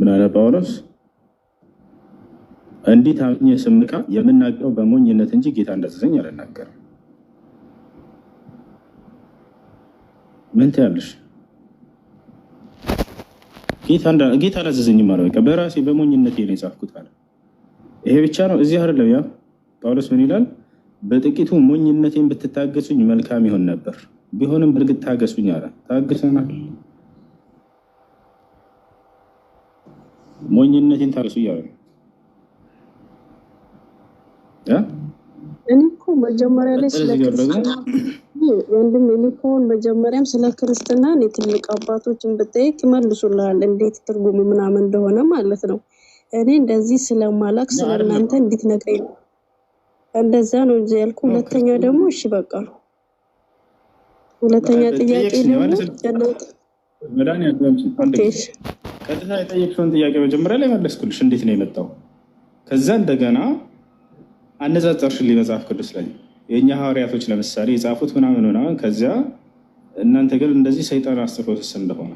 ምን አለ ጳውሎስ? እንዴት ታምኜ ስምቃ የምናገረው በሞኝነት እንጂ ጌታ እንዳዘዘኝ አልናገርም። ምን ትያለሽ? ጌታ አላዘዘኝም አለ። በቃ በራሴ በሞኝነቴ ነው የጻፍኩት አለ። ይሄ ብቻ ነው እዚህ አይደለም። ያ ጳውሎስ ምን ይላል? በጥቂቱ ሞኝነቴን ብትታገሱኝ መልካም ይሆን ነበር፣ ቢሆንም በእርግጥ ታገሱኝ አለ። ታግሰናል። ሞኝነቴን ታርሱ እያሉ እኔ እኮ መጀመሪያ ላይ ስለ ክርስትና ወንድም እኔ መጀመሪያም ስለ ክርስትና የትልቅ አባቶችን ብጠይቅ ይመልሱልሃል፣ እንዴት ትርጉም ምናምን እንደሆነ ማለት ነው። እኔ እንደዚህ ስለማላቅ ስለ እናንተ እንዴት ነገር ነው እንደዛ ነው እ ያልኩ። ሁለተኛ ደግሞ እሺ በቃ ሁለተኛ ጥያቄ ደግሞ ቀጥታ የጠየቅሽውን ጥያቄ መጀመሪያ ላይ መለስኩልሽ። እንዴት ነው የመጣው? ከዛ እንደገና አነጻጸርሽልኝ መጽሐፍ ቅዱስ ላይ የእኛ ሐዋርያቶች ለምሳሌ የጻፉት ምናምን ምናምን፣ ከዚያ እናንተ ግን እንደዚህ ሰይጣን አስተሮስስ እንደሆነ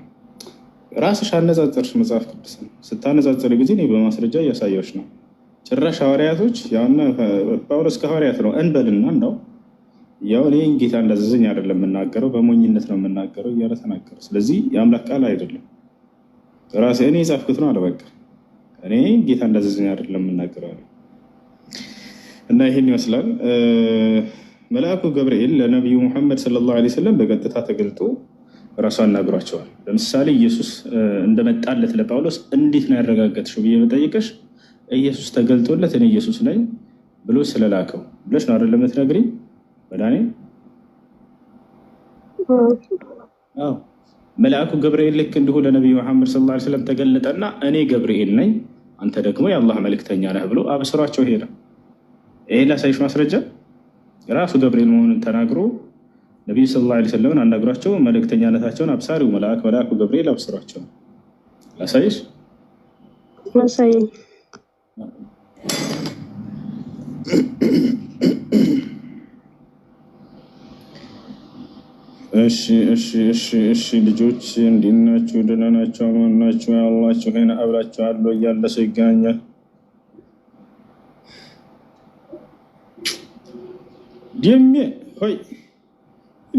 ራስሽ አነጻጸርሽ። መጽሐፍ ቅዱስ ስታነጻጸር ጊዜ እኔ በማስረጃ እያሳየች ነው። ጭራሽ ሐዋርያቶች ጳውሎስ ከሐዋርያት ነው እንበልና እንደው ያው እኔን ጌታ እንዳዘዘኝ አይደለም የምናገረው፣ በሞኝነት ነው የምናገረው እያለ ተናገረ። ስለዚህ የአምላክ ቃል አይደለም። ራሴ እኔ የጻፍኩት ነው አለ። በቃ እኔ ጌታ እንዳዘዘኝ አይደለም የምናገረው አለ። እና ይህን ይመስላል መልአኩ ገብርኤል ለነቢዩ ሙሐመድ ሰለላሁ ዓለይሂ ወሰለም በቀጥታ ተገልጦ ራሱ አናግሯቸዋል። ለምሳሌ ኢየሱስ እንደመጣለት ለጳውሎስ እንዴት ነው ያረጋገጥሽው ብዬ መጠይቀሽ ኢየሱስ ተገልጦለት እኔ ኢየሱስ ነኝ ብሎ ስለላከው ብለሽ ነው አይደለም የምትነግሪኝ መድኃኒዓለም መልአኩ ገብርኤል ልክ እንዲሁ ለነቢዩ መሐመድ ሰለላሁ ላ ስለም ተገለጠና እኔ ገብርኤል ነኝ፣ አንተ ደግሞ የአላህ መልእክተኛ ነህ ብሎ አብስሯቸው ሄደ። ይሄ ላሳይሽ ማስረጃ ራሱ ገብርኤል መሆኑን ተናግሮ ነቢዩ ሰለላሁ ላ ስለምን አናግሯቸው መልእክተኛነታቸውን አብሳሪው መልአክ መልአኩ ገብርኤል አብስሯቸው። ላሳይሽ ማሳይ እሺ እሺ እሺ እሺ ልጆች እንዴት ናችሁ? ደህና ናችሁ? አማን ናችሁ? ያላችሁ ሄና አብራችሁ አለ እያለ ሰው ይገናኛል። ደሜ ሆይ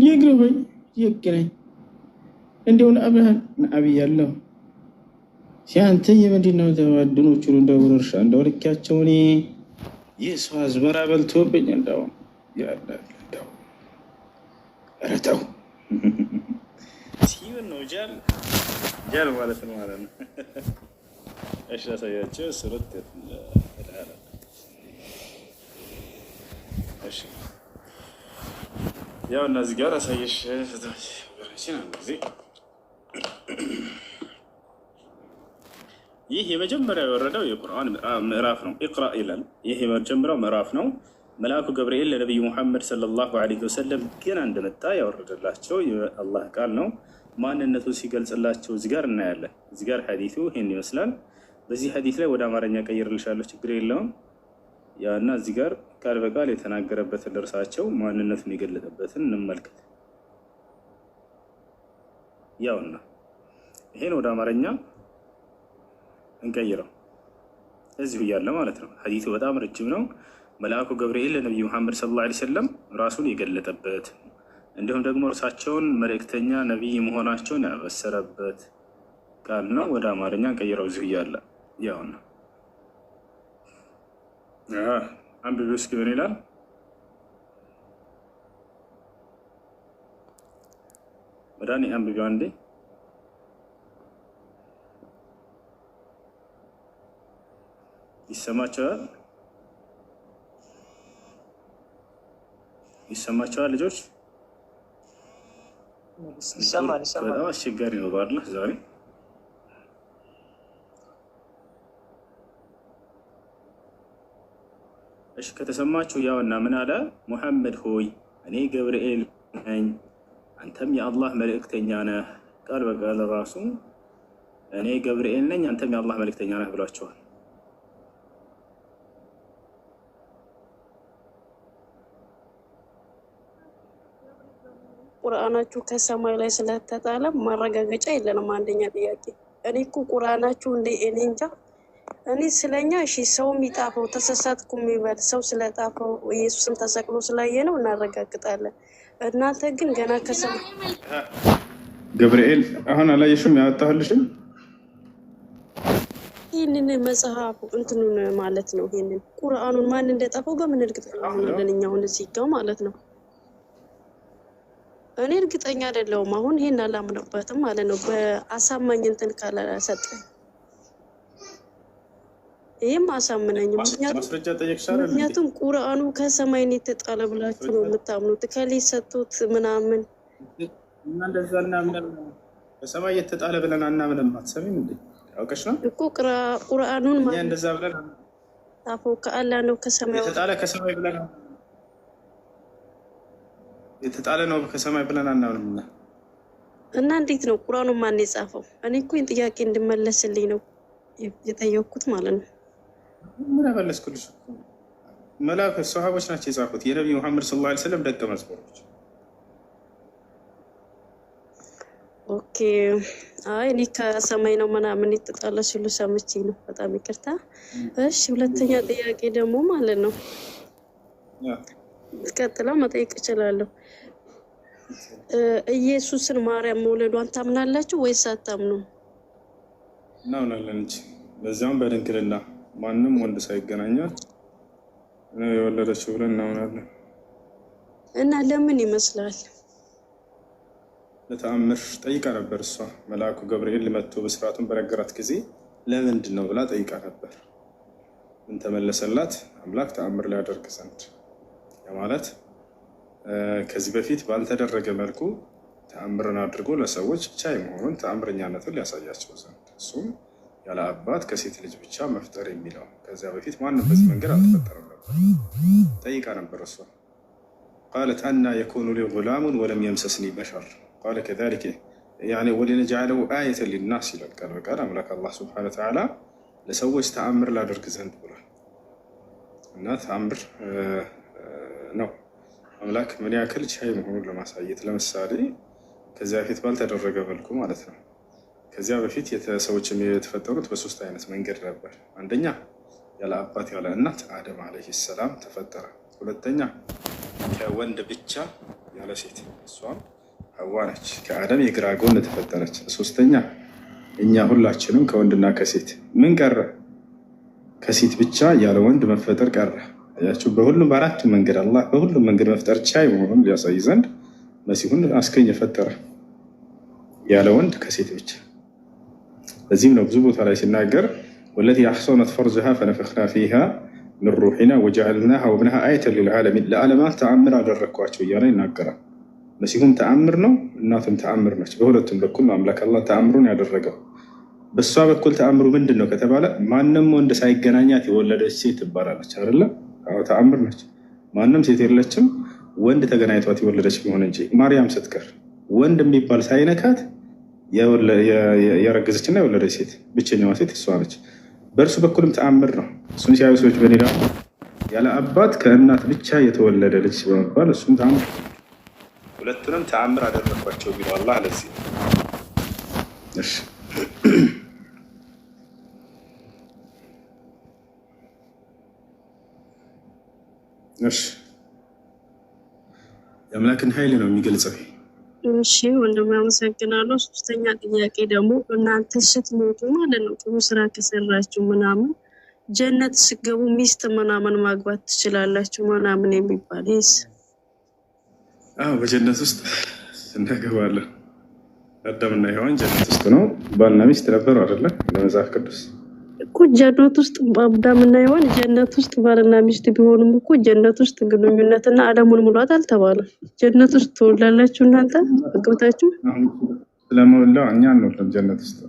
ዲግሪ ሆይ ይቅረኝ እንደው አብርሃም አብይ ያለው ሲያንተ የምንድን ነው ተባድኖቹ እንደው እርሻ እንደው ልኪያቸው እኔ የሰው አዝመራ በልቶብኝ እንደው ያለ እንደው ረተው ሲሆን ነው ጃል ጃል ማለት ነው ማለት ነው። እሺ ላሳያቸው እሺ ያው ጋር አሳየሽ ሲና ይህ የመጀመሪያ የወረደው የቁርአን ምዕራፍ ነው። ኢቅራ ይላል። ይህ የመጀመሪያው ምዕራፍ ነው። መልአኩ ገብርኤል ለነቢዩ ሙሐመድ ሰለላሁ ዐለይሂ ወሰለም ገና እንደመጣ ያወረደላቸው የአላህ ቃል ነው። ማንነቱን ሲገልጽላቸው እዚህ ጋር እናያለን። እዚህ ጋር ሐዲሱ ይህን ይመስላል። በዚህ ሐዲስ ላይ ወደ አማርኛ ቀይርልሻለሁ፣ ችግር የለውም። ያና እዚህ ጋር ቃል በቃል የተናገረበትን ደርሳቸው ማንነቱን የገለጠበትን እንመልከት። ያውና ይሄን ወደ አማርኛ እንቀይረው እዚሁ እያለ ማለት ነው። ሐዲሱ በጣም ረጅም ነው። መልአኩ ገብርኤል ለነቢዩ መሐመድ ሰለላሁ ዓለይሂ ወሰለም ራሱን የገለጠበት እንዲሁም ደግሞ እርሳቸውን መልእክተኛ ነቢይ መሆናቸውን ያበሰረበት ቃል ነው። ወደ አማርኛ ቀይረው እዚሁ እያለ ያው ነው። አንብቢው እስኪ ምን ይላል? መድኃኒ አንብቢው አንዴ ይሰማቸዋል። ይሰማቸዋል ልጆች በጣም አስቸጋሪ ነው። ባለ ዛሬ እሺ ከተሰማችሁ ያውና ምን አለ ሙሐመድ ሆይ እኔ ገብርኤል ነኝ፣ አንተም የአላህ መልእክተኛ ነህ። ቃል በቃል ራሱ እኔ ገብርኤል ነኝ፣ አንተም የአላህ መልእክተኛ ነህ ብሏቸዋል። ቁርአናችሁ ከሰማይ ላይ ስለተጣለ ማረጋገጫ የለንም። አንደኛ ጥያቄ እኔ እኮ ቁርአናችሁ እንደ እኔ እንጃ እኔ ስለኛ እሺ፣ ሰው የሚጣፈው ተሰሳትኩ የሚበል ሰው ስለጣፈው ኢየሱስም ተሰቅሎ ስላየ ነው እናረጋግጣለን። እናንተ ግን ገና ከሰማ ገብርኤል አሁን አላየሽም? ያወጣሁልሽም ይህንን መጽሐፍ እንትኑን ማለት ነው ይህንን ቁርአኑን ማን እንደጠፈው በምን እርግጥ ሆነለን እኛ አሁን እዚህ ጋር ማለት ነው እኔ እርግጠኛ አይደለሁም። አሁን ይሄን አላምንበትም ማለት ነው። በአሳማኝ እንትን ካላሰጠኝ ይህም አሳምነኝ። ምክንያቱም ቁርአኑ ከሰማይን የተጣለ ብላችሁ ነው የምታምኑት። ከሌ ሰጡት ምናምን እና እናምናለን። በሰማይ የተጣለ ብለን አናምንም። አትሰሚም እንዴ? አውቀሽ ነው እኮ ቁርአኑን ማለት እንደዛ ብለን አፎ ከአላ ነው ከሰማይ የተጣለ ከሰማይ ብለን የተጣለ ነው ከሰማይ ብለን አናምንምና እና እንዴት ነው ቁራኑ ማን የጻፈው? እኔ እኮ ጥያቄ እንድመለስልኝ ነው የጠየኩት ማለት ነው። ምን መለስኩልሽ? መላክ ሰሃቦች ናቸው የጻፉት የነቢ ሙሐመድ ስ ላ ስለም ደቀ መዝሙሮች። ኦኬ። አይ እኔ ከሰማይ ነው ምናምን የተጣለ ሲሉ ሰምቼ ነው። በጣም ይቅርታ። እሺ፣ ሁለተኛ ጥያቄ ደግሞ ማለት ነው ቀጥላ መጠየቅ እችላለሁ። ኢየሱስን ማርያም መውለዷን ታምናላችሁ ወይስ አታምኑ? እናምናለን እንጂ በዚያም በድንግልና ማንም ወንድ ሳይገናኛት ነው የወለደችው ብለን እናምናለን። እና ለምን ይመስላል? ለተአምር ጠይቃ ነበር። እሷ መልአኩ ገብርኤል መጥቶ በስርዓቱን በነገራት ጊዜ ለምንድን ነው ብላ ጠይቃ ነበር። ምን ተመለሰላት? አምላክ ተአምር ሊያደርግ ዘንድ ማለት ከዚህ በፊት ባልተደረገ መልኩ ተአምርን አድርጎ ለሰዎች ብቻ የመሆኑን ተአምረኛነትን ሊያሳያቸው ዘንድ እሱም ያለ አባት ከሴት ልጅ ብቻ መፍጠር የሚለው ከዚያ በፊት ማንም በዚህ መንገድ አልተፈጠረም ነበር። ጠይቃ ነበር እሷ ቃለት አና የኮኑ ሊ ጉላሙን ወለም የምሰስኒ በሸር ቃለ ከዛሊከ ያኔ ወሊነጅዐለሁ አየተን ሊናስ ይላል ቃል በቃል አምላክ አላህ ሱብሓነሁ ወተዓላ ለሰዎች ተአምር ላደርግ ዘንድ ብሏል እና ተአምር ነው። አምላክ ምን ያክል ቻይ መሆኑን ለማሳየት ለምሳሌ ከዚያ በፊት ባልተደረገ መልኩ ማለት ነው። ከዚያ በፊት ሰዎች የተፈጠሩት በሶስት አይነት መንገድ ነበር። አንደኛ ያለ አባት ያለ እናት አደም አለይሂ ሰላም ተፈጠረ። ሁለተኛ ከወንድ ብቻ ያለ ሴት እሷም ሐዋ ነች፣ ከአደም የግራ ጎን ተፈጠረች። ሶስተኛ እኛ ሁላችንም ከወንድና ከሴት ምን ቀረ? ከሴት ብቻ ያለ ወንድ መፈጠር ቀረ። አያቸው በሁሉም በአራቱ መንገድ አላህ በሁሉም መንገድ መፍጠር ቻይ መሆኑን ሊያሳይ ዘንድ መሲሁን አስገኝ የፈጠረ ያለ ወንድ ከሴት ብቻ። በዚህም ነው ብዙ ቦታ ላይ ሲናገር ወለዚ አሕሰነት ፈርጅሃ ፈነፈክና ፊሃ ምን ሩሒና ወጀዐልናሃ ወብነሃ አየተን ለዓለማት ተአምር አደረግኳቸው እያለ ይናገራል። መሲሁም ተአምር ነው፣ እናትም ተአምር ነች። በሁለቱም በኩል አምላክ አላህ ተአምሩን ያደረገው። በእሷ በኩል ተአምሩ ምንድን ነው ከተባለ ማንም ወንድ ሳይገናኛት የወለደች ሴት ትባላለች አይደለም ተአምር ነች። ማንም ሴት የለችም ወንድ ተገናኝቷት የወለደች ቢሆን እንጂ ማርያም ስትቀር ወንድ የሚባል ሳይነካት የረገዘች እና የወለደች ሴት ብቸኛዋ ሴት እሷ ነች። በእርሱ በኩልም ተአምር ነው። እሱን ሲያዩ ሰዎች በሌላ ያለ አባት ከእናት ብቻ የተወለደ ልጅ በመባል እሱም ተአምር ሁለቱንም ተአምር አደረግኳቸው ቢለው አላህ ለዚህ እሺ የአምላክን ኃይል ነው የሚገልጸው። እሺ ወንድም አመሰግናለሁ። ሶስተኛ ጥያቄ ደግሞ እናንተ ስትሞቱ ማለት ነው ጥሩ ስራ ከሰራችሁ ምናምን ጀነት ስገቡ ሚስት ምናምን ማግባት ትችላላችሁ ምናምን የሚባል ይስ በጀነት ውስጥ እናገባለን። አዳምና ሔዋን ጀነት ውስጥ ነው ባልና ሚስት ነበሩ አይደለ? ለመጽሐፍ ቅዱስ እኮ ጀነት ውስጥ አዳም እና ሔዋን ጀነት ውስጥ ባልና ሚስት ቢሆኑም እኮ ጀነት ውስጥ ግንኙነትና አለሙን ሙሏት አልተባለም። ጀነት ውስጥ ትወላላችሁ እናንተ አግብታችሁ ስለመውላው እኛ አንወለም። ጀነት ውስጥ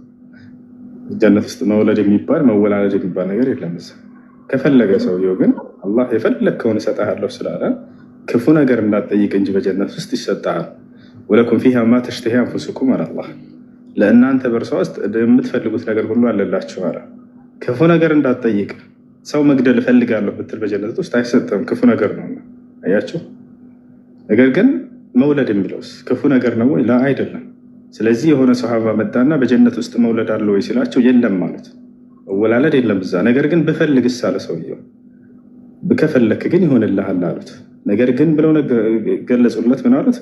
ጀነት ውስጥ መውለድ የሚባል መወላለድ የሚባል ነገር የለም። ከፈለገ ሰውየው ግን አላህ የፈለግከውን እሰጥሃለሁ ስላለ ክፉ ነገር እንዳትጠይቅ እንጂ በጀነት ውስጥ ይሰጣል። ወለኩም ፊሃ ማ ተሽተሂ አንፉሱኩም አለ አላህ። ለእናንተ በእርሷ ውስጥ የምትፈልጉት ነገር ሁሉ አለላችሁ አለ። ክፉ ነገር እንዳትጠይቅ። ሰው መግደል እፈልጋለሁ ብትል በጀነት ውስጥ አይሰጠም፣ ክፉ ነገር ነው። አያችሁ። ነገር ግን መውለድ የሚለውስ ክፉ ነገር ነው ወይ? አይደለም። ስለዚህ የሆነ ሰሃባ መጣና በጀነት ውስጥ መውለድ አለ ወይ ሲላቸው የለም ማለት መወላለድ የለም እዛ። ነገር ግን ብፈልግስ አለ ሰውየው። ከፈለክ ግን ይሆንልሃል አሉት። ነገር ግን ብለው ገለጹለት። ምን አሉት?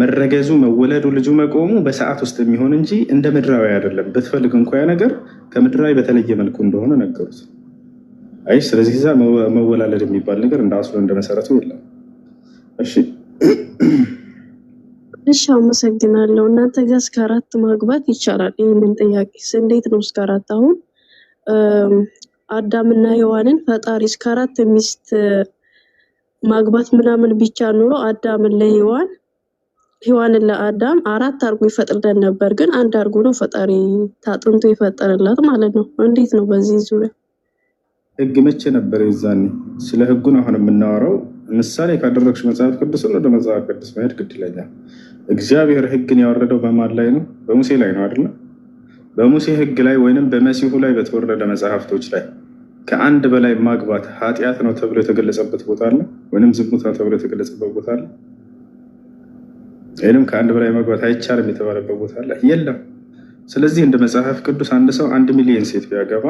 መረገዙ መወለዱ ልጁ መቆሙ በሰዓት ውስጥ የሚሆን እንጂ እንደ ምድራዊ አይደለም። ብትፈልግ እንኳ ነገር ከምድራዊ በተለየ መልኩ እንደሆነ ነገሩት። አይ ስለዚህ ዛ መወላለድ የሚባል ነገር እንደ አስሎ እንደ መሰረቱ የለም። እሺ እሺ፣ አመሰግናለሁ። እናንተ ጋር እስከ አራት ማግባት ይቻላል? ይህንን ጥያቄ እንዴት ነው እስከ አራት? አሁን አዳምና ሔዋንን ፈጣሪ እስከ አራት ሚስት ማግባት ምናምን ቢቻል ኑሮ አዳምን ለሔዋን ሔዋንን ለአዳም አራት አርጎ ይፈጥርለን ነበር፣ ግን አንድ አርጎ ነው ፈጣሪ ታጥንቶ ይፈጠርላት ማለት ነው። እንዴት ነው በዚህ ዙሪያ ህግ መቼ ነበር? ይዛኔ? ስለ ህጉን አሁን የምናወራው ምሳሌ ካደረግሽ መጽሐፍ ቅዱስን ወደ መጽሐፍ ቅዱስ መሄድ ግድ ይለኛል። እግዚአብሔር ህግን ያወረደው በማን ላይ ነው? በሙሴ ላይ ነው አይደለ? በሙሴ ህግ ላይ ወይንም በመሲሁ ላይ በተወረደ መጽሐፍቶች ላይ ከአንድ በላይ ማግባት ኃጢአት ነው ተብሎ የተገለጸበት ቦታ አለ፣ ወይንም ዝሙት ነው ተብሎ የተገለጸበት ቦታ አለ። ወይም ከአንድ በላይ መግባት አይቻልም የተባለበት ቦታ ላይ የለም። ስለዚህ እንደ መጽሐፍ ቅዱስ አንድ ሰው አንድ ሚሊዮን ሴት ቢያገባ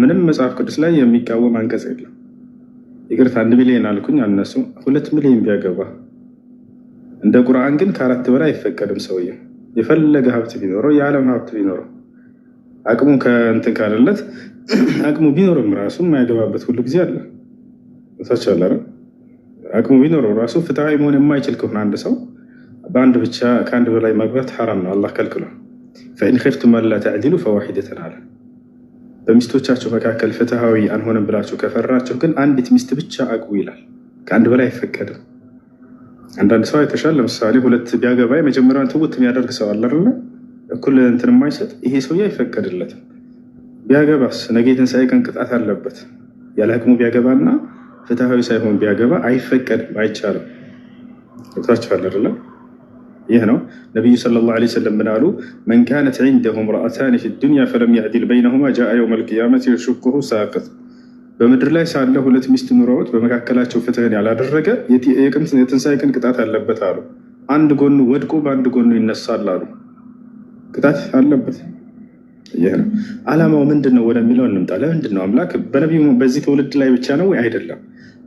ምንም መጽሐፍ ቅዱስ ላይ የሚቃወም አንቀጽ የለም። ይቅርታ አንድ ሚሊዮን አልኩኝ አነሱ ሁለት ሚሊዮን ቢያገባ እንደ ቁርአን ግን ከአራት በላይ አይፈቀድም። ሰውየ የፈለገ ሀብት ቢኖረው የዓለም ሀብት ቢኖረው አቅሙ ከእንትን ካለለት አቅሙ ቢኖርም ራሱ የማያገባበት ሁሉ ጊዜ አለ ታቻለ አቅሙ ቢኖረው ራሱ ፍትሐዊ መሆን የማይችል ከሆነ አንድ ሰው በአንድ ብቻ ከአንድ በላይ ማግባት ሐራም ነው፣ አላህ ከልክሏል። ፈኢን ኸፍቱም አላ ተዕዲሉ ፈዋሒደተን አለ። በሚስቶቻቸው መካከል ፍትሃዊ አንሆንም ብላችሁ ከፈራችሁ ግን አንዲት ሚስት ብቻ አግቡ ይላል። ከአንድ በላይ አይፈቀድም። አንዳንድ ሰው አይተሻል። ለምሳሌ ሁለት ቢያገባ የመጀመሪያውን ትውት የሚያደርግ ሰው አለ አይደለ? እኩል እንትን የማይሰጥ ይሄ ሰውዬ አይፈቀድለትም። ቢያገባስ ነገ የትንሣኤ ቀን ቅጣት አለበት። ያለ ህክሙ ቢያገባና ፍትሃዊ ሳይሆን ቢያገባ አይፈቀድም፣ አይቻልም። ታችኋል አይደለም ይህ ነው ነቢዩ ሰለላሁ ዐለይሂ ወሰለም ምን አሉ? መን ካነት ዒንደሁ ምርአታኒ ፊ ዱንያ ፈለም ያዕዲል በይነሁማ ጃአ የውም ልቅያመት የሹኩሁ ሳቅት። በምድር ላይ ሳለ ሁለት ሚስት ኑረውት በመካከላቸው ፍትህን ያላደረገ የትንሣኤ ቀን ቅጣት አለበት አሉ። አንድ ጎኑ ወድቆ በአንድ ጎኑ ይነሳል አሉ። ቅጣት አለበት። ይህ ነው አላማው። ምንድን ነው ወደሚለው እንምጣ። ለምንድን ነው አምላክ በነቢዩ በዚህ ትውልድ ላይ ብቻ ነው ወይ? አይደለም።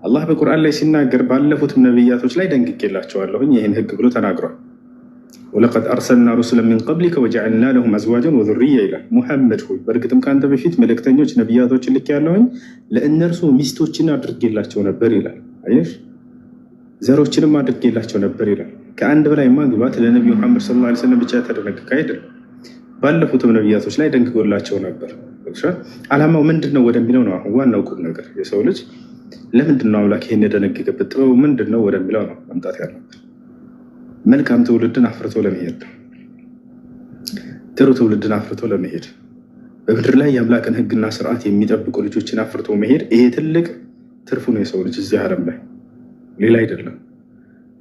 አላህ በቁርአን ላይ ሲናገር ባለፉትም ነቢያቶች ላይ ደንግቄላቸዋለሁኝ ይህን ህግ ብሎ ተናግሯል። ወለቀድ አርሰልና ሩስለ ሚን ቀብሊከ ወጀዐልና ለሁም አዝዋጀን ወዙርያ ይላል። ሙሐመድ ሆይ በእርግጥም ከአንተ በፊት መልእክተኞች ልክ ያለውኝ ለእነርሱ ሚስቶችን አድርጌላቸው ነበር ይላል። አየሽ ዘሮችንም አድርጌላቸው ነበር ይላል። ከአንድ በላይ ማግባት ለነቢዩ ሙሐመድ ሰለላሁ ዓለይሂ ወሰለም ብቻ የተደነገገ አይደለም። ባለፉትም ነቢያቶች ላይ ደንግጎላቸው ነበር። አላማው ምንድን ነው ወደሚለው ነው አሁን ዋናው ቁም ነገር። የሰው ልጅ ለምንድን ነው አምላክ ይህን የደነገገበት ጥበቡ ምንድን ነው ወደሚለው ነው መምጣት ያለበት። መልካም ትውልድን አፍርቶ ለመሄድ ነው። ጥሩ ትውልድን አፍርቶ ለመሄድ በምድር ላይ የአምላክን ሕግና ስርዓት የሚጠብቁ ልጆችን አፍርቶ መሄድ ይሄ ትልቅ ትርፉ ነው የሰው ልጅ እዚህ ዓለም ላይ ሌላ አይደለም።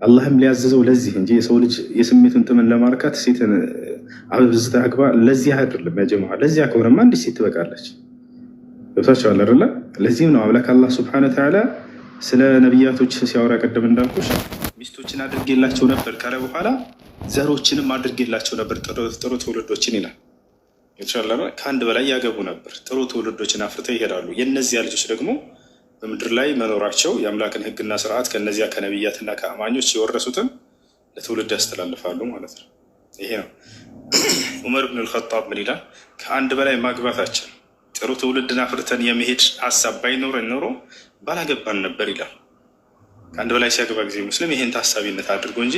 አላህም ሊያዘዘው ለዚህ እንጂ የሰው ልጅ የስሜቱን ጥምን ለማርካት ሴትን አበብዝታ አግባ ለዚህ አይደለም። ያጀማ ለዚያ ከሆነማ አንድ ሴት ትበቃለች። ገብታችኋል አይደለ? ለዚህም ነው አምላክ አላህ ስብሐነ ወተዓላ ስለ ነቢያቶች ሲያወራ ቀደም እንዳልኩሽ ሚስቶችን አድርጌላቸው ነበር ካለ በኋላ ዘሮችንም አድርጌላቸው ነበር ጥሩ ትውልዶችን ይላል። ይቻላል ከአንድ በላይ ያገቡ ነበር። ጥሩ ትውልዶችን አፍርተው ይሄዳሉ። የእነዚያ ልጆች ደግሞ በምድር ላይ መኖራቸው የአምላክን ሕግና ስርዓት ከእነዚያ ከነቢያትና ከአማኞች የወረሱትን ለትውልድ ያስተላልፋሉ ማለት ነው። ይሄ ነው ዑመር ብን ልከጣብ ምን ይላል? ከአንድ በላይ ማግባታችን ጥሩ ትውልድን አፍርተን የመሄድ ሀሳብ ባይኖረን ኖሮ ባላገባን ነበር ይላል። ከአንድ በላይ ሲያገባ ጊዜ ሙስሊም ይህን ታሳቢነት አድርጎ እንጂ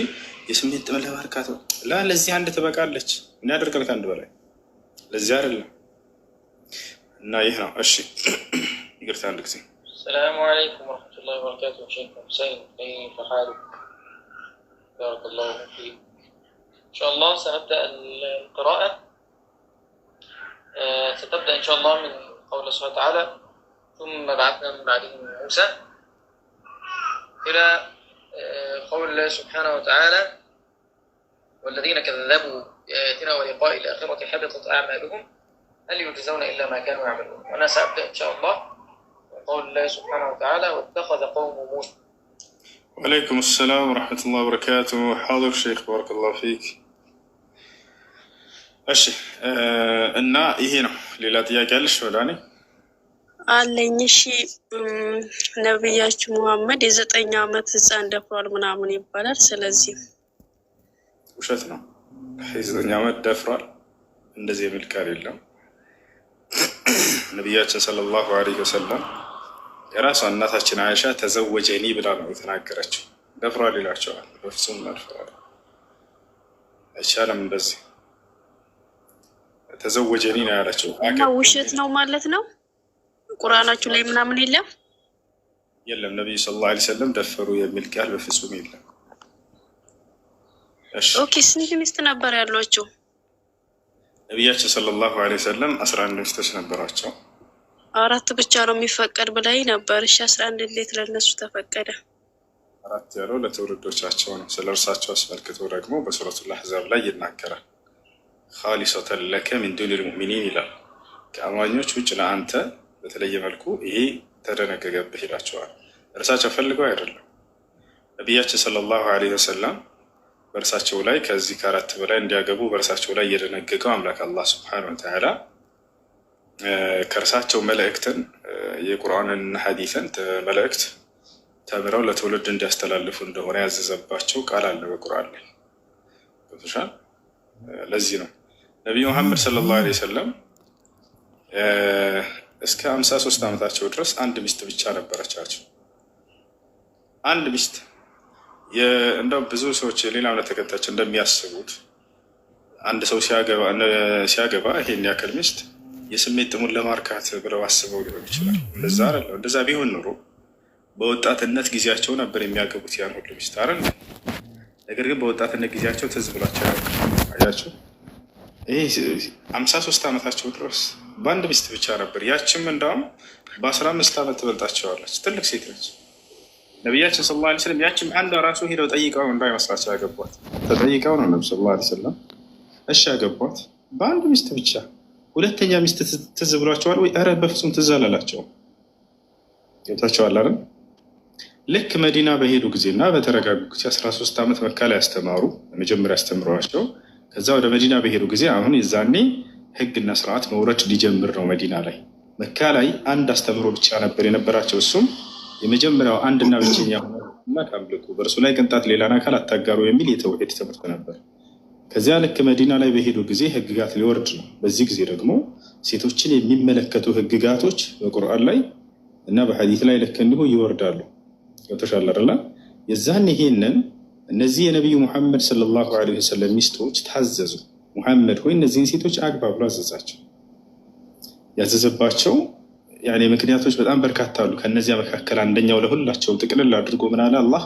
የስሜት ጥምን ለማርካት ላ ለዚህ አንድ ትበቃለች። ምን ያደርጋል? ከአንድ በላይ ለዚህ አይደለም እና ይህ ነው። እሺ ይቅርታ አንድ ጊዜ ሰላሙ አለይኩም ወረሕመቱላሂ ወበረካቱ። بارك الله فيك إن شاء الله سنبدأ القراءة ستبدأ إن شاء الله من قول الله تعالى ثم بعثنا من بعدهم موسى إلى آه، قول الله سبحانه وتعالى والذين كذبوا بآياتنا ولقاء الآخرة حبطت أعمالهم هل يجزون إلا ما كانوا يعملون وأنا سأبدأ إن شاء الله قول الله سبحانه وتعالى واتخذ قوم موسى وعليكم السلام ورحمة الله وبركاته حاضر شيخ بارك الله فيك أشي آه النا هنا لا يا قال شو داني አለኝ። እሺ ነብያችሁ መሐመድ የዘጠኝ ዓመት ህፃን ደፍሯል ምናምን ይባላል። ስለዚህ ውሸት ነው። የዘጠኝ ዓመት ደፍሯል እንደዚህ የሚል ቃል የለም። ነቢያችን ሰለላሁ አለይሂ ወሰለም የራሷ እናታችን አይሻ ተዘወጀኒ ብላ ነው የተናገረችው። ደፍሯል ይላቸዋል። በፍጹም አልፈራል አይቻልም። እንደዚህ ተዘወጀኒ ነው ያላቸው። ውሸት ነው ማለት ነው። ቁርአናችሁ ላይ ምናምን የለም የለም። ነቢዩ ሰለላሁ ዐለይሂ ወሰለም ደፈሩ የሚል ቃል በፍጹም የለም። ኦኬ፣ ስንት ሚስት ነበር ያሏቸው? ነብያችን ሰለላሁ ዐለይሂ ወሰለም አስራ አንድ ሚስቶች ነበሯቸው። አራት ብቻ ነው የሚፈቀድ ብላይ ነበር። እሺ አስራ አንድ እንዴት ለነሱ ተፈቀደ? አራት ያለው ለትውልዶቻቸው ነው። ስለ እርሳቸው አስመልክቶ ደግሞ በሱረቱል አሕዛብ ላይ ይናገራል። ካሊሰተን ለከ ሚን ዱኒል ሙእሚኒን ይላል። ከአማኞች ውጭ ለአንተ በተለየ መልኩ ይሄ ተደነገገብህ ይላቸዋል። እርሳቸው ፈልገው አይደለም። ነቢያችን ሰለላሁ ዐለይሂ ወሰለም በእርሳቸው ላይ ከዚህ ከአራት በላይ እንዲያገቡ በእርሳቸው ላይ እየደነገገው አምላክ አላህ ሱብሓነሁ ወተዓላ ከእርሳቸው መልእክትን የቁርአንን ሐዲስን መልእክት ተምረው ለትውልድ እንዲያስተላልፉ እንደሆነ ያዘዘባቸው ቃል አለ በቁርአን ላይ ሻል። ለዚህ ነው ነቢዩ መሐመድ ሰለላሁ ዐለይሂ ወሰለም እስከ 53 ዓመታቸው ድረስ አንድ ሚስት ብቻ ነበረቻቸው። አንድ ሚስት። እንደው ብዙ ሰዎች ሌላ እምነት ተከታዮች እንደሚያስቡት አንድ ሰው ሲያገባ ይሄን ያክል ሚስት የስሜት ጥሙን ለማርካት ብለው አስበው ሊሆን ይችላል። እንደዛ አለ። እንደዛ ቢሆን ኑሮ በወጣትነት ጊዜያቸው ነበር የሚያገቡት ያን ሁሉ ሚስት አይደል? ነገር ግን በወጣትነት ጊዜያቸው ትዝ ብሏቸው አያቸው ይህ አምሳ ሶስት ዓመታቸው ድረስ በአንድ ሚስት ብቻ ነበር። ያችም እንዳውም በአስራ አምስት ዓመት ትበልጣቸዋለች። ትልቅ ሴት ነች። ነቢያችን ስለ ላ ስለም ያችም አንዷ ራሱ ሄደው ጠይቀው እንዳይመስላቸው ያገቧት ተጠይቀው ነው ነብ ስለ ላ ስለም እሺ ያገቧት በአንድ ሚስት ብቻ። ሁለተኛ ሚስት ትዝ ብሏቸዋል ወይ? ኧረ በፍጹም ትዝ አላላቸው። ገብታቸዋል አይደል? ልክ መዲና በሄዱ ጊዜና በተረጋጉ ጊዜ ሶስት ዓመት መካ ላይ ያስተማሩ መጀመሪያ አስተምረዋቸው ከዛ ወደ መዲና በሄዱ ጊዜ አሁን የዛኔ ህግና ስርዓት መውረድ ሊጀምር ነው መዲና ላይ። መካ ላይ አንድ አስተምህሮ ብቻ ነበር የነበራቸው። እሱም የመጀመሪያው አንድና ብቸኛ ሆነና ከአምልኩ በእርሱ ላይ ቅንጣት ሌላን አካል አታጋሩ የሚል የተውሂድ ትምህርት ነበር። ከዚያ ልክ መዲና ላይ በሄዱ ጊዜ ህግጋት ሊወርድ ነው። በዚህ ጊዜ ደግሞ ሴቶችን የሚመለከቱ ህግጋቶች በቁርአን ላይ እና በሐዲት ላይ ልክ እንዲሁ ይወርዳሉ። ተሻለርላ የዛን ይሄንን እነዚህ የነቢዩ ሙሐመድ ሰለላሁ ዐለይሂ ወሰለም ሚስቶች ታዘዙ። ሙሐመድ ሆይ እነዚህን ሴቶች አግባ ብሎ አዘዛቸው። ያዘዘባቸው ምክንያቶች በጣም በርካታ አሉ። ከነዚያ መካከል አንደኛው ለሁላቸው ጥቅልል አድርጎ ምናለ አላህ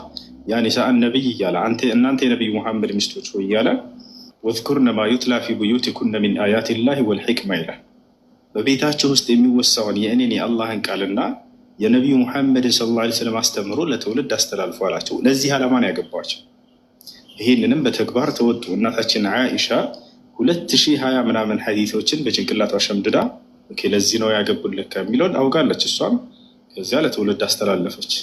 ያ ኒሳአን ነቢይ እያለ እናንተ የነቢዩ ሙሐመድ ሚስቶች ሆይ እያለ ወዝኩርነ ማ ዩትላ ፊ ቡዩቲኩነ ሚን አያቲላሂ ወልሕክማ ይላል። በቤታቸው ውስጥ የሚወሳውን የእኔን የአላህን ቃልና የነቢዩ ሙሐመድን ሰለላሁ ዐለይሂ ወሰለም አስተምሮ ለትውልድ አስተላልፎ አላቸው። ለዚህ ዓላማ ነው ያገባቸው። ይህንንም በተግባር ተወጡ። እናታችን አይሻ ሁለት ሺህ ሀያ ምናምን ሀዲቶችን በጭንቅላቷ ሸምድዳ ለዚህ ነው ያገቡልህ የሚለውን አውጋለች። እሷም ከዚያ ለትውልድ አስተላለፈች።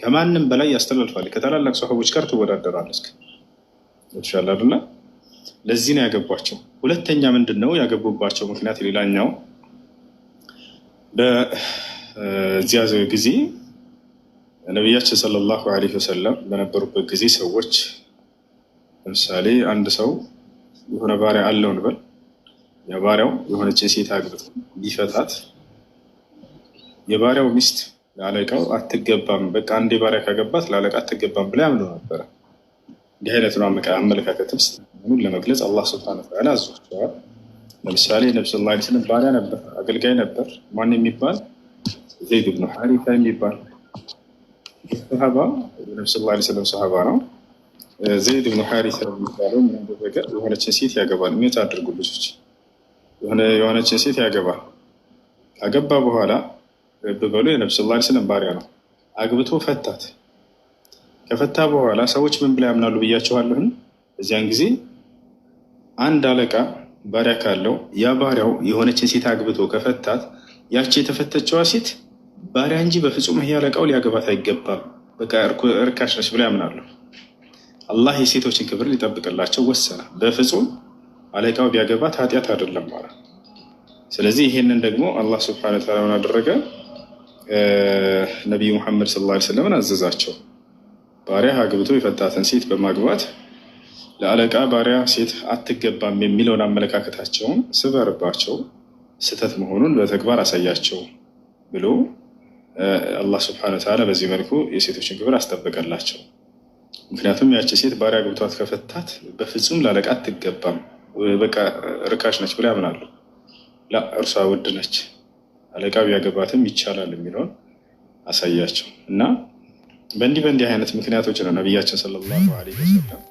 ከማንም በላይ ያስተላልፋል። ከታላላቅ ሰሃቦች ጋር ትወዳደራለች። ይሻል ለዚህ ነው ያገቧቸው። ሁለተኛ ምንድን ነው ያገቡባቸው ምክንያት? ሌላኛው በዚያ ጊዜ ነቢያችን ሰለላሁ ዐለይሂ ወሰለም በነበሩበት ጊዜ ሰዎች ለምሳሌ አንድ ሰው የሆነ ባሪያ አለው እንበል። የባሪያው የሆነች ሴት አግብቶ ቢፈታት የባሪያው ሚስት ለአለቃው አትገባም፣ በቃ አንዴ ባሪያ ካገባት ለአለቃ አትገባም ብላ ያምነው ነበረ። እንዲህ አይነት ነው አመለካከት ስለሆኑን ለመግለጽ አላህ ስብሐነ ወተዓላ አዟቸዋል። ለምሳሌ ነብስ ላ ስለም ባሪያ ነበር፣ አገልጋይ ነበር። ማን የሚባል ዘይድ ብኑ ሐሪታ የሚባል ሰሃባ ነብስ ላ ስለም ሰሃባ ነው ዘይድ ብን ሐሪስ የሚባለው ያደረገ የሆነችን ሴት ያገባል። ሜት አድርጉ ልጆች፣ የሆነችን ሴት ያገባል። ካገባ በኋላ ብበሉ የነብስ ላ ስለም ባሪያ ነው። አግብቶ ፈታት። ከፈታ በኋላ ሰዎች ምን ብላ ያምናሉ ብያቸዋለሁን? እዚያን ጊዜ አንድ አለቃ ባሪያ ካለው ያ ባሪያው የሆነችን ሴት አግብቶ ከፈታት ያቺ የተፈተችዋ ሴት ባሪያ እንጂ በፍጹም ይሄ አለቃው ሊያገባት አይገባም፣ በቃ እርካሽ ነች ብላ ያምናሉ። አላህ የሴቶችን ክብር ሊጠብቅላቸው ወሰነ። በፍጹም አለቃው ቢያገባት ኃጢአት አይደለም ማለ። ስለዚህ ይሄንን ደግሞ አላህ ስብሐነ ወተዓላ ምን አደረገ? ነቢዩ ሙሐመድ ሰለላሁ ዐለይሂ ስለምን አዘዛቸው። ባሪያ አግብቶ የፈታትን ሴት በማግባት ለአለቃ ባሪያ ሴት አትገባም የሚለውን አመለካከታቸውን ስበርባቸው፣ ስህተት መሆኑን በተግባር አሳያቸው ብሎ አላህ ስብሐነ ወተዓላ በዚህ መልኩ የሴቶችን ክብር አስጠበቀላቸው። ምክንያቱም ያቺ ሴት ባሪያ ገብቷት ከፈታት በፍጹም ላለቃ አትገባም፣ በቃ ርካሽ ነች ብላ ያምናሉ። ላ እርሷ ውድ ነች፣ አለቃ ቢያገባትም ይቻላል የሚለውን አሳያቸው እና በእንዲህ በእንዲህ አይነት ምክንያቶች ነው ነቢያችን ሰለላሁ ዐለይሂ ወሰለም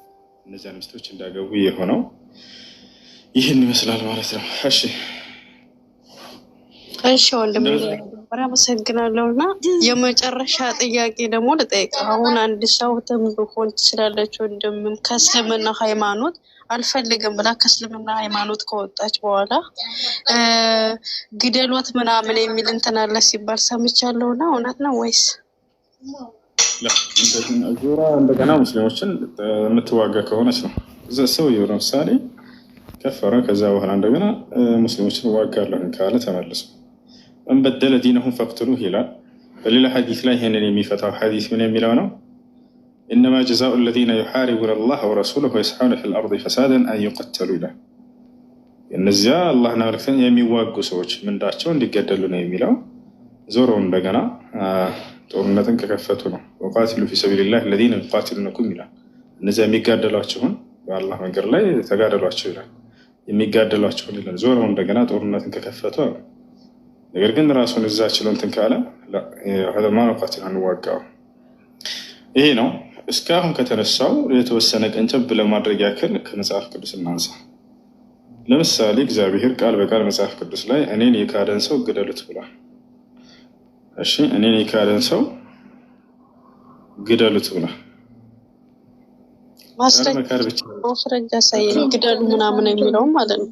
እነዚያን ሚስቶች እንዳገቡ የሆነው። ይህን ይመስላል ማለት ነው። እሺ እሺ ወንድም ነበር። አመሰግናለሁ። እና የመጨረሻ ጥያቄ ደግሞ ልጠይቅ። አሁን አንድ ሰው ትምልኮን ትችላለች ወንድምም ከእስልምና ሃይማኖት አልፈልግም ብላ ከእስልምና ሃይማኖት ከወጣች በኋላ ግደሏት ምናምን የሚል እንትን አለ ሲባል ሰምቻለሁ። እና እውነት ነው ወይስ? ዙራ እንደገና ሙስሊሞችን የምትዋጋ ከሆነች ነው እዛ ሰውዬው ለምሳሌ ከፈረ ከዛ በኋላ እንደገና ሙስሊሞችን እዋጋለሁ ካለ ተመልሶ من بدل دينهم فاقتلوه لا بل الى حديث لا هنا نمي حديث من يميلون انما جزاء الذين يحاربون الله ورسوله ويسعون في الارض فسادا ان يقتلوا له ان زيا الله نعرفين يمي واقو سوج من داتشو اندي قدلوا نيميلون زورو اندقنا تورنا تنك كفتنا وقاتلوا في سبيل الله الذين يقاتلونكم الى نزامي قدلواتشون والله ما قرلي تقادلواتشون يمي قدلواتشون الى زورو اندقنا تورنا تنك كفتنا ነገር ግን ራሱን እዛ ችሎ እንትን ካለ ዑለማ እውቀትን አንዋጋው። ይሄ ነው እስካሁን ከተነሳው የተወሰነ ቀንጨብ ለማድረግ ያክል ከመጽሐፍ ቅዱስ እናንሳ። ለምሳሌ እግዚአብሔር ቃል በቃል መጽሐፍ ቅዱስ ላይ እኔን የካደን ሰው ግደሉት ብሏል። እሺ እኔን የካደን ሰው ግደሉት ብሏል። ማስረጃ ሳይ ግደሉ ምናምን የሚለውም ማለት ነው።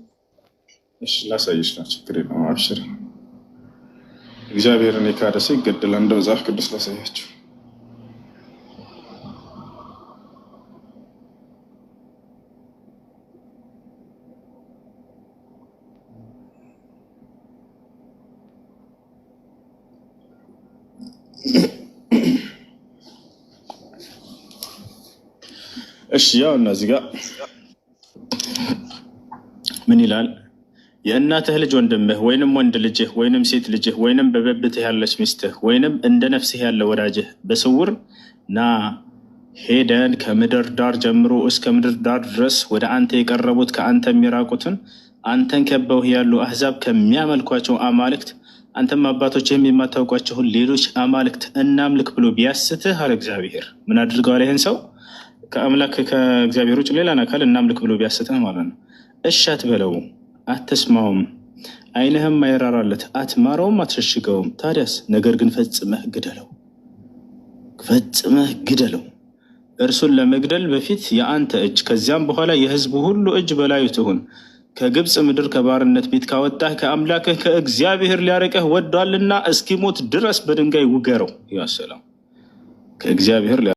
ላሳየሽ ነው። ችግር ነው። አብሽር እግዚአብሔርን የካደ ሰው ይገደላል። እንደ መጽሐፍ ቅዱስ ላሳያቸው። እሺ ያው እነዚህ ጋር ምን ይላል? የእናትህ ልጅ ወንድምህ ወይንም ወንድ ልጅህ ወይንም ሴት ልጅህ ወይንም በበብትህ ያለች ሚስትህ ወይንም እንደ ነፍስህ ያለ ወዳጅህ በስውር ና ሄደን ከምድር ዳር ጀምሮ እስከ ምድር ዳር ድረስ ወደ አንተ የቀረቡት ከአንተ የሚራቁትን አንተን ከበውህ ያሉ አህዛብ ከሚያመልኳቸው አማልክት አንተም አባቶችህም የማታውቋቸውን ሌሎች አማልክት እናምልክ ብሎ ቢያስትህ አለ እግዚአብሔር። ምን አድርገዋል? ይህን ሰው ከአምላክ ከእግዚአብሔር ውጭ ሌላን አካል እናምልክ ብሎ ቢያስትህ ማለት ነው። እሻት በለው አትስማውም፣ አይንህም አይራራለት፣ አትማረውም፣ አትሸሽገውም። ታዲያስ ነገር ግን ፈጽመህ ግደለው፣ ፈጽመህ ግደለው። እርሱን ለመግደል በፊት የአንተ እጅ ከዚያም በኋላ የህዝቡ ሁሉ እጅ በላዩ ትሁን። ከግብፅ ምድር ከባርነት ቤት ካወጣህ ከአምላክህ ከእግዚአብሔር ሊያርቅህ ወዷልና እስኪሞት ድረስ በድንጋይ ውገረው። ያሰላም ከእግዚአብሔር